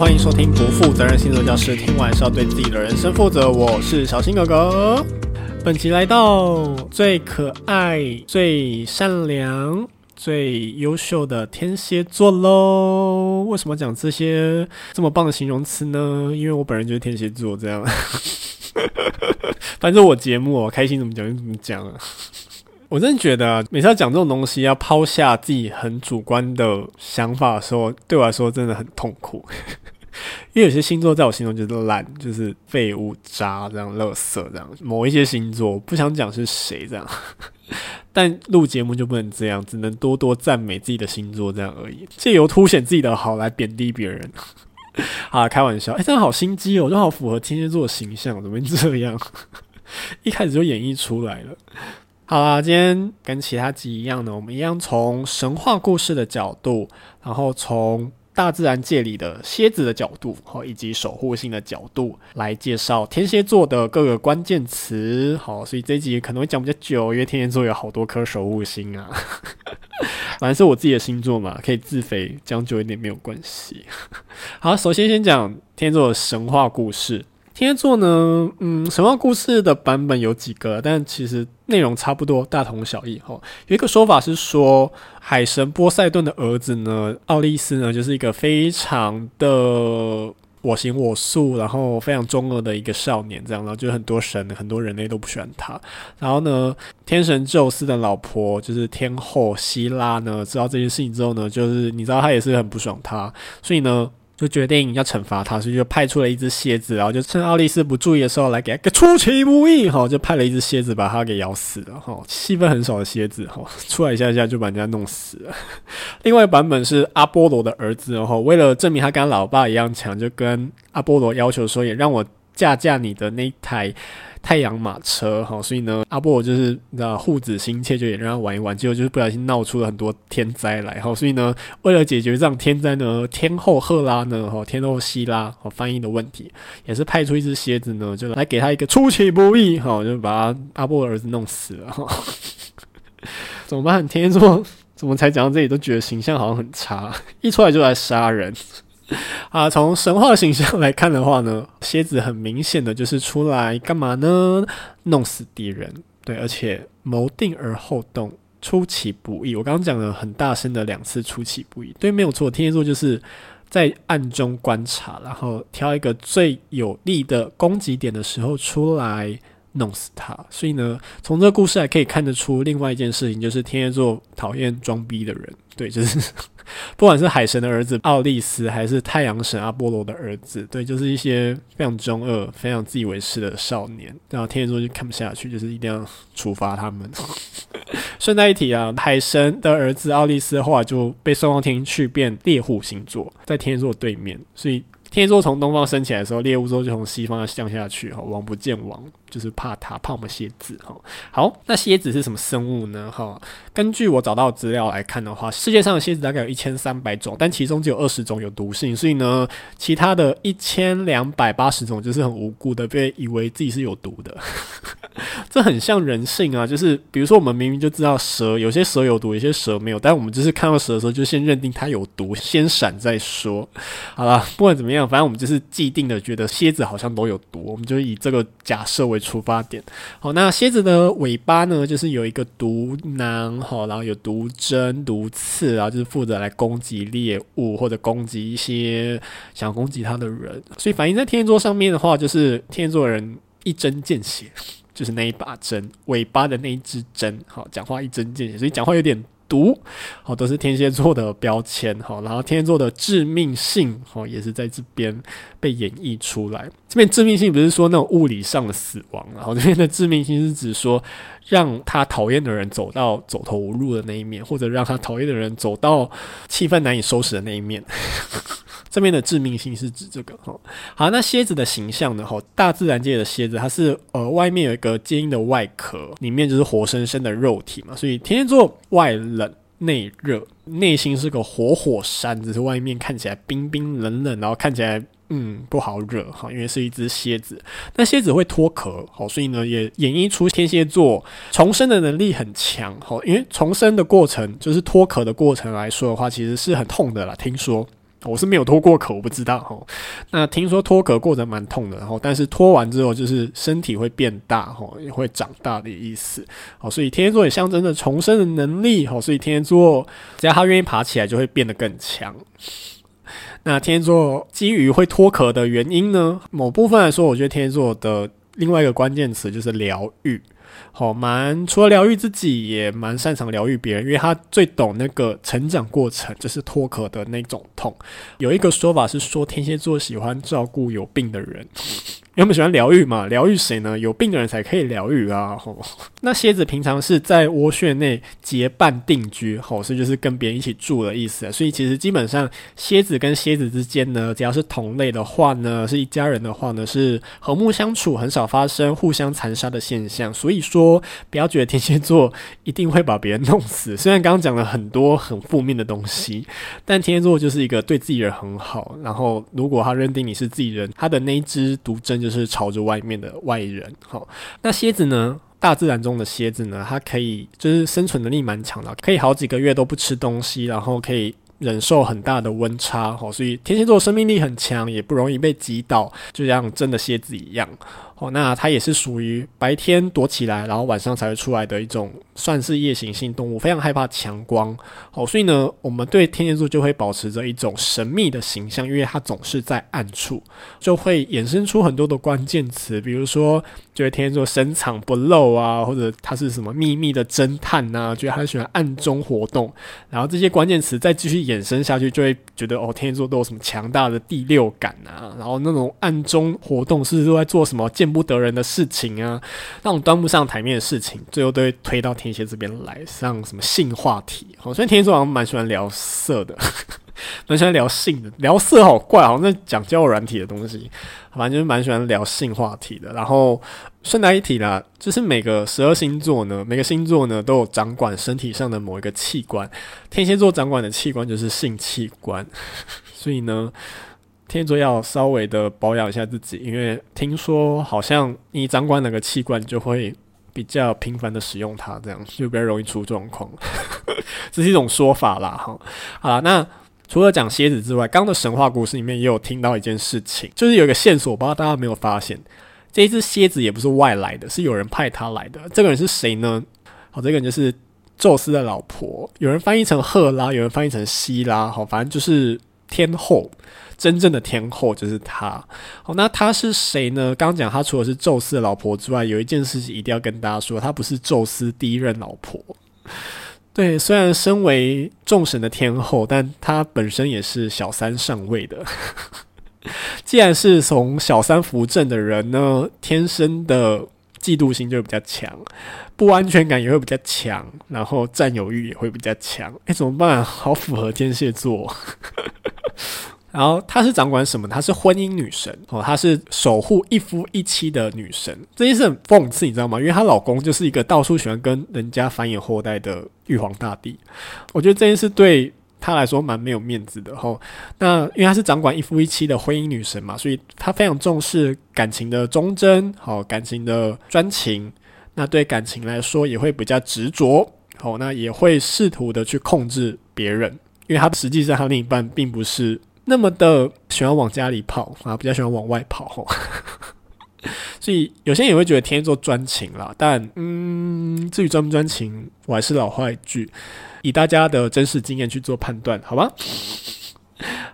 歡迎收聽不負責任星座教室。聽完是要對自己的人生負責。我是小新狗狗，本期來到最可愛、最善良、最優秀的天蠍座嘍。為什麼講這些這麼棒的形容詞呢？因為我本人就是天蠍座，這樣。 反正我節目我開心怎麼講就怎麼講啊。我真的覺得、啊，每次要講這種東西，要拋下自己很主觀的想法的時候，對我來說真的很痛苦。 因為有些星座在我心中就是爛，就是廢物渣，這樣、垃圾這樣。某一些星座，不想講是誰這樣， 但錄節目就不能這樣，只能多多讚美自己的星座這樣而已，借由凸顯自己的好來貶低別人。啊， 開玩笑！哎、欸，這樣好心機哦、喔，這好符合天蠍座的形象，怎麼這樣？ 一開始就演繹出來了。好啦，今天跟其他集一樣呢，我們一樣從神話故事的角度，然後從大自然界裡的蠍子的角度，好，以及守護星的角度來介紹天蠍座的各個關鍵詞。好，所以這一集可能會講比較久，因為天蠍座有好多顆守護星啊。 反正是我自己的星座嘛，可以自肥，將就一點沒有關係。好，首先先講天蠍座的神話故事。天蠍座呢，嗯，神話故事的版本有幾個，但其實內容差不多，大同小異吼。有一個說法是說，海神波塞頓的兒子呢，奧利斯呢，就是一個非常的我行我素，然後非常中二的一個少年，這樣。然後就很多神，很多人類都不喜歡他。然後呢，天神宙斯的老婆就是天後希拉呢，知道這件事情之後呢，就是你知道他也是很不爽他，所以呢，就決定要懲罰他，所以就派出了一隻蠍子，然後就趁奧利斯不注意的時候來給他個出其不意，哈，就派了一隻蠍子把他給咬死了，哈，戲份很少的蠍子，哈，出來一下一下就把人家弄死了。另外一版本是阿波羅的兒子，然後為了證明他跟老爸一樣強，就跟阿波羅要求說，也讓我駕駕你的那一台，太陽馬車，哈，所以呢，阿波羅就是護子心切，就也讓他玩一玩，結果就是不小心鬧出了很多天災來，哈，所以呢，為了解決這樣天災呢，天後赫拉呢，哈、哦，天後希拉，哈、哦，翻譯的問題，也是派出一隻蠍子呢，就來給他一個出其不意，哈，就把阿波羅兒子弄死了，哈、哦， 怎麼辦？天天說怎麼才講到這裡都覺得形象好像很差，一出來就來殺人。啊，從神話形象來看的話呢，蠍子很明顯的就是出來幹嘛呢？弄死敵人，對，而且謀定而後動，出其不意。我剛剛講了很大聲的兩次出其不意，對，沒有錯，天蠍座就是在暗中觀察，然後挑一個最有利的攻擊點的時候出來弄死他，所以呢，從這個故事還可以看得出另外一件事情，就是天蠍座討厭裝逼的人。對，就是不管是海神的兒子奧利斯，還是太陽神阿波羅的兒子，對，就是一些非常中二、非常自以為是的少年，然後天蠍座就看不下去，就是一定要處罰他們。順 帶一提啊，海神的兒子奧利斯的話就被送上天去變獵戶星座，在天蠍座對面，所以天蠍座從東方升起來的時候，獵戶座就從西方要降下去，哈，王不見王。就是怕它怕我們蠍子哈。好，那蠍子是什麼生物呢？哈，根據我找到的資料來看的話，世界上的蠍子大概有一千三百種，但其中只有二十種有毒性，所以呢，其他的一千兩百八十種就是很無辜的，被以為自己是有毒的。 這很像人性啊，就是比如說我們明明就知道蛇有些蛇有毒，有些蛇沒有，但我們就是看到蛇的時候就先認定它有毒，先閃再說。好啦，不管怎麼樣，反正我們就是既定的覺得蠍子好像都有毒，我們就以這個假設為。出發點，好，那蠍子的尾巴呢，就是有一個毒囊，好，然後有毒針、毒刺，然後就是負責來攻擊獵物或者攻擊一些想攻擊他的人。所以反映在天蠍座上面的話，就是天蠍座的人一針見血，就是那一把針，尾巴的那一支針，好，講話一針見血，所以講話有點。毒，好，都是天蠍座的標籤哈，然後天蠍座的致命性哦，也是在這邊被演繹出來。這邊致命性不是說那種物理上的死亡，然後這邊的致命性是指說。讓他討厭的人走到走投無路的那一面，或者讓他討厭的人走到氣氛難以收拾的那一面， 這邊的致命性是指這個哈。好，那蠍子的形象呢？哈，大自然界的蠍子，它是呃外面有一個堅硬的外殼，裡面就是活生生的肉體嘛。所以天蠍座外冷內熱，內心是個活火，火山，只是外面看起來冰冰冷冷，然後看起來。嗯，不好惹哈，因為是一只蠍子。那蠍子會脫殼，哦，所以呢也演繹出天蠍座重生的能力很強，哈，因為重生的過程就是脫殼的過程來說的話，其實是很痛的啦，聽說。我是沒有脫過殼，我不知道哈。那聽說脫殼過程蠻痛的，然後但是脫完之後就是身體會變大，哈，也會長大的意思。哦，所以天蠍座也象徵着重生的能力。哦，所以天蠍座只要他願意爬起來，就會變得更強。那天蠍座基於會脫殼的原因呢？某部分來說，我覺得天蠍座的另外一個關鍵詞就是療癒。好、哦，蠻除了療癒自己，也蠻擅長療癒別人，因為他最懂那個成長過程，就是脫殼的那種痛。有一個說法是說，天蠍座喜歡照顧有病的人，因為他們喜歡療癒嘛，療癒誰呢？有病的人才可以療癒啊。好、哦，那蠍子平常是在窩穴內結伴定居，好、哦，是就是跟別人一起住的意思。所以其實基本上，蠍子跟蠍子之間呢，只要是同類的話呢，是一家人的話呢，是和睦相處，很少發生互相殘殺的現象，所以。說不要覺得天蠍座一定會把別人弄死，雖然剛剛講了很多很負面的東西，但天蠍座就是一個對自己人很好，然後如果他認定你是自己人，他的那隻毒針就是朝着外面的外人。好，那蠍子呢？大自然中的蠍子呢，它可以就是生存能力蠻強的，可以好幾個月都不吃東西，然後可以忍受很大的溫差。好，所以天蠍座生命力很強，也不容易被擊倒，就像真的蠍子一樣。哦，那它也是屬於白天躲起來，然後晚上才會出來的一種，算是夜行性動物，非常害怕強光。哦，所以呢，我們對天蠍座就會保持着一種神秘的形象，因為它總是在暗處，就會衍生出很多的關鍵詞，比如說就得、是、天蠍座深藏不露啊，或者它是什麼秘密的偵探啊，覺得他喜歡暗中活動。然後這些關鍵詞再繼續衍生下去，就會覺得哦，天蠍座都有什麼強大的第六感啊，然後那種暗中活動是不是都在做什麼不得人的事情啊，那種端不上台面的事情，最後都會推到天蠍這邊來，像什麼性話題好，所以天蠍座好像蠻喜歡聊色的，蠻喜歡聊性的，聊色好怪，好像在講交友軟體的東西，好，反正就是蠻喜歡聊性話題的。然後順帶一提啦，就是每個十二星座呢，每個星座呢都有掌管身體上的某一個器官，天蠍座掌管的器官就是性器官，所以呢。天蠍座要稍微的保養一下自己，因為聽說好像你掌管哪個器官，就會比較頻繁的使用它，這樣子就比較容易出狀況。 這是一種說法啦，哈。好了，那除了講蠍子之外，剛的神話故事裡面也有聽到一件事情，就是有一個線索，不知道大家沒有發現，這一隻蠍子也不是外來的，是有人派他來的。這個人是誰呢？好，這個人就是宙斯的老婆，有人翻譯成赫拉，有人翻譯成希拉，好，反正就是天後。真正的天後就是她。好、哦，那她是誰呢？剛剛講她除了是宙斯的老婆之外，有一件事情一定要跟大家說，她不是宙斯第一任老婆。對，雖然身為眾神的天後，但她本身也是小三上位的。 既然是從小三扶正的人呢，天生的嫉妒心就會比較強，不安全感也會比較強，然後占有欲也會比較強。誒，怎麼辦？好，符合天蠍座。 然後她是掌管什麼？她是婚姻女神哦，她是守護一夫一妻的女神。這件事很諷刺，你知道嗎？因為她老公就是一個到處喜歡跟人家繁衍後代的玉皇大帝。我覺得這件事對她來說蠻沒有面子的哦。那因為她是掌管一夫一妻的婚姻女神嘛，所以她非常重視感情的忠貞哦，感情的專情。那對感情來說也會比較執着哦，那也會試圖的去控制別人，因為她實際上她另一半並不是。那麼的喜歡往家裡跑啊，比較喜歡往外跑，呵呵。所以有些人也會覺得天蠍座專情啦，但嗯，至於專不專情，我還是老話一句，以大家的真實經驗去做判斷，好嗎？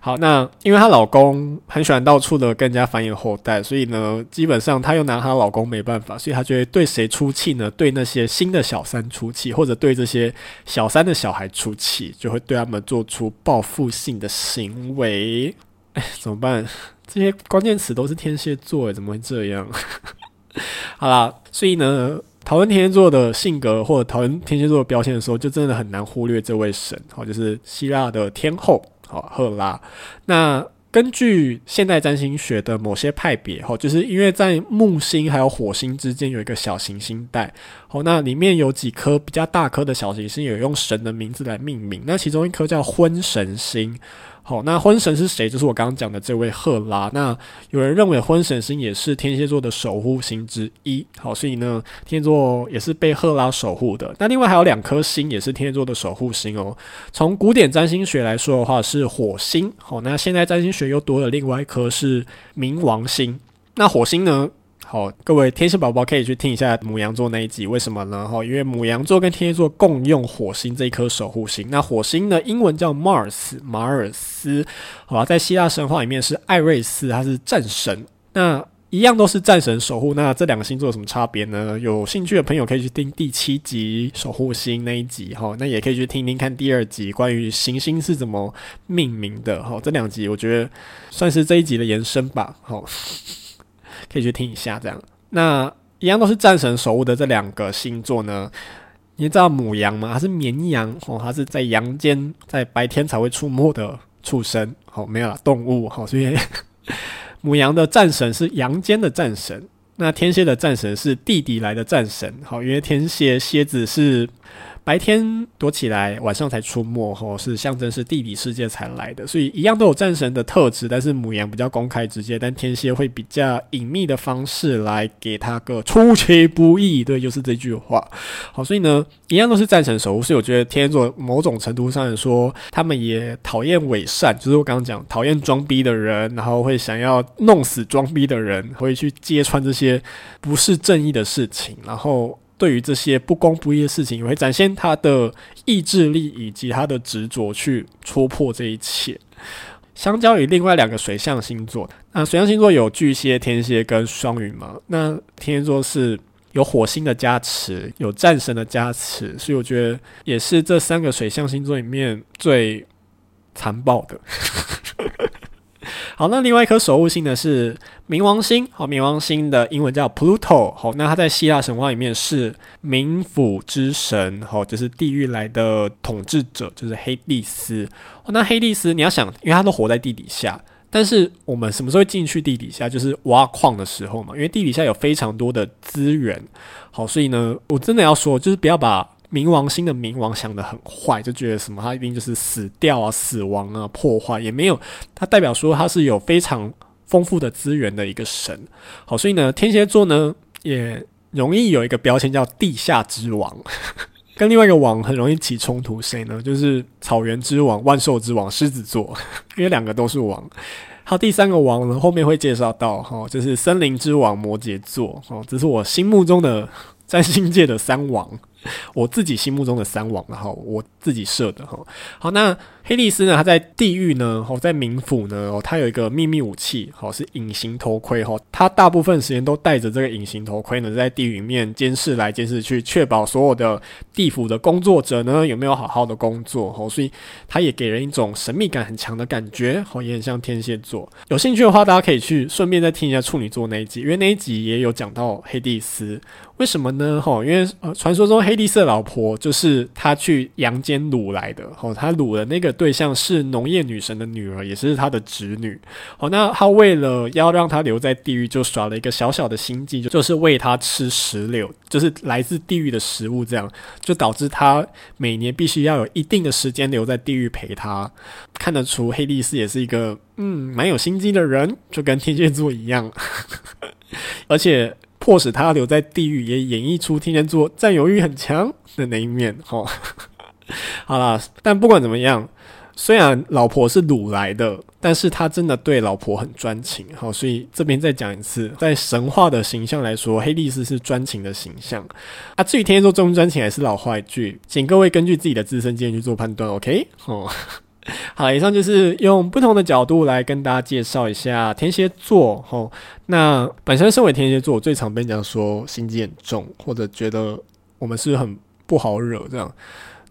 好，那因為她老公很喜歡到處的跟人家繁衍後代，所以呢，基本上她又拿她老公沒辦法，所以她就會對誰出氣呢？對那些新的小三出氣，或者對這些小三的小孩出氣，就會對他們做出報復性的行為。唉，怎麼辦？這些關鍵詞都是天蠍座，怎麼會這樣？ 好啦，所以呢，討論天蠍座的性格或者討論天蠍座的標籤的時候，就真的很難忽略這位神，好，就是希臘的天後。好，赫拉。那根據現代占星學的某些派別，哦，就是因為在木星還有火星之間有一個小行星帶，哦，那裡面有幾顆比較大顆的小行星，有用神的名字來命名。那其中一顆叫婚神星。好、哦，那婚神是誰？就是我剛剛講的這位赫拉。那有人認為婚神星也是天蠍座的守護星之一。好，所以呢，天蠍座也是被赫拉守護的。那另外還有兩顆星也是天蠍座的守護星哦。從古典占星學來說的話，是火星。好、哦，那現在占星學又多了另外一顆是冥王星。那火星呢？好，各位天蠍寶寶可以去聽一下牡羊座那一集，為什麼呢？哈，因為牡羊座跟天蠍座共用火星這一顆守護星。那火星呢，英文叫 Mars，馬爾斯，好吧，在希臘神話裡面是艾瑞斯，他是戰神。那一樣都是戰神守護。那這兩個星座有什麼差別呢？有興趣的朋友可以去聽第七集守護星那一集哈，那也可以去聽聽看第二集關於行星是怎麼命名的哈。這兩集我覺得算是這一集的延伸吧。好。可以去聽一下這樣，那一樣都是戰神守護的這兩個星座呢？你知道母羊嗎？它是綿羊哦，它是在陽間，在白天才會出沒的畜生。好、哦，沒有啦動物好、哦，所以 母羊的戰神是陽間的戰神，那天蠍的戰神是地底來的戰神，好、哦，因為天蠍蠍子是。白天躲起來，晚上才出沒，吼，是象徵是地底世界才來的，所以一樣都有戰神的特質，但是母羊比較公開直接，但天蠍會比較隱秘的方式來給他個出其不意，對，就是這句話，好，所以呢，一樣都是戰神守護，所以我覺得天蠍座某種程度上來說，他們也討厭偽善，就是我剛剛講討厭裝逼的人，然後會想要弄死裝逼的人，會去揭穿這些不是正義的事情，然後。對於這些不公不義的事情，也會展現他的意志力以及他的執着，去戳破這一切。相較於另外兩個水象星座，那水象星座有巨蟹、天蠍跟雙魚嘛？那天蠍座是有火星的加持，有戰神的加持，所以我覺得也是這三個水象星座裡面最殘暴的。 好，那另外一顆守護星呢？是冥王星。好，冥王星的英文叫 Pluto。好，那它在希臘神話裡面是冥府之神。好，就是地獄來的統治者，就是黑帝斯。哦，那黑帝斯，你要想，因為它都活在地底下，但是我們什麼時候進去地底下？就是挖礦的時候嘛。因為地底下有非常多的資源。好，所以呢，我真的要說，就是不要把。冥王星的冥王想得很壞，就覺得什麼他一定就是死掉啊、死亡啊、破壞也沒有。他代表說他是有非常豐富的資源的一個神。好，所以呢，天蠍座呢也容易有一個標籤叫地下之王， 跟另外一個王很容易起衝突，誰呢？就是草原之王、萬獸之王、獅子座， 因為兩個都是王。好，第三個王呢，後面會介紹到，哈、哦，就是森林之王摩羯座。哦，這是我心目中的占星界的三王。我自己心目中的三王了哈，我自己設的哈。好，那。黑帝斯呢？他在地獄呢？哦，在冥府呢？哦，他有一個秘密武器，哦，是隱形頭盔。哦，他大部分時間都戴着這個隱形頭盔呢，在地獄裡面監視來監視去，確保所有的地府的工作者呢，有沒有好好的工作。哦，所以他也給人一種神秘感很強的感覺。哦，也很像天蠍座。有興趣的話，大家可以去順便再聽一下處女座那一集，因為那一集也有講到黑帝斯。為什麼呢？哦，因為呃，傳說中黑帝斯的老婆就是他去陽間擄來的。哦，他擄了那個。對象是農業女神的女兒，也是他的侄女。好、哦，那他為了要讓她留在地獄，就耍了一個小小的心機，就就是餵她吃石榴，就是來自地獄的食物，這樣就導致他每年必須要有一定的時間留在地獄陪她。看得出黑帝斯也是一個嗯，蠻有心機的人，就跟天蠍座一樣。 而且迫使他留在地獄，也演繹出天蠍座占有欲很強的那一面。好、哦，好啦，但不管怎麼樣。雖然老婆是擄來的，但是他真的對老婆很專情，好，所以這邊再講一次，在神話的形象來說，黑利斯是專情的形象。啊，至於天蠍座專不專情還是老話一句，請各位根據自己的自身經驗去做判斷，OK？好，好，以上就是用不同的角度來跟大家介紹一下天蠍座。吼，那本身身為天蠍座，我最常被講說心機很重，或者覺得我們是不是很不好惹這樣。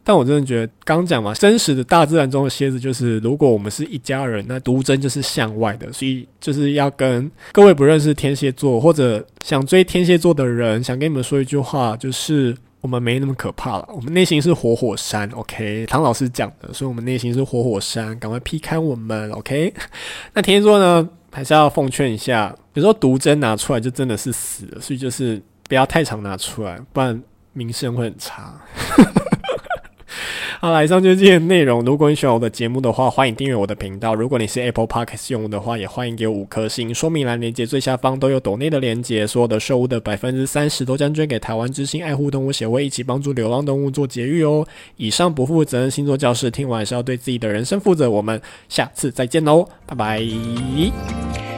但我真的覺得，剛講嘛，真實的大自然中的蠍子就是，如果我們是一家人，那毒針就是向外的，所以就是要跟各位不認識天蠍座或者想追天蠍座的人，想跟你們說一句話，就是我們沒那麼可怕了，我們內心是活火山，OK？唐老師講的，所以我們內心是活火山，趕快劈開我們，OK？那天蠍座呢，還是要奉勸一下，有時候毒針拿出來就真的是死了，所以就是不要太常拿出來，不然名聲會很差。 好，以上就是今天的內容。如果你喜歡我的節目的話，歡迎訂閱我的頻道。如果你是 Apple Podcast 用戶的話，也歡迎給我五顆星。說明欄連接最下方都有抖內的連接。所有的收入的百分之三十都將捐給台灣之心愛護動物協會，一起幫助流浪動物做節育哦。以上不負責任星座教室，聽完是要對自己的人生負責。我們下次再見哦，拜拜。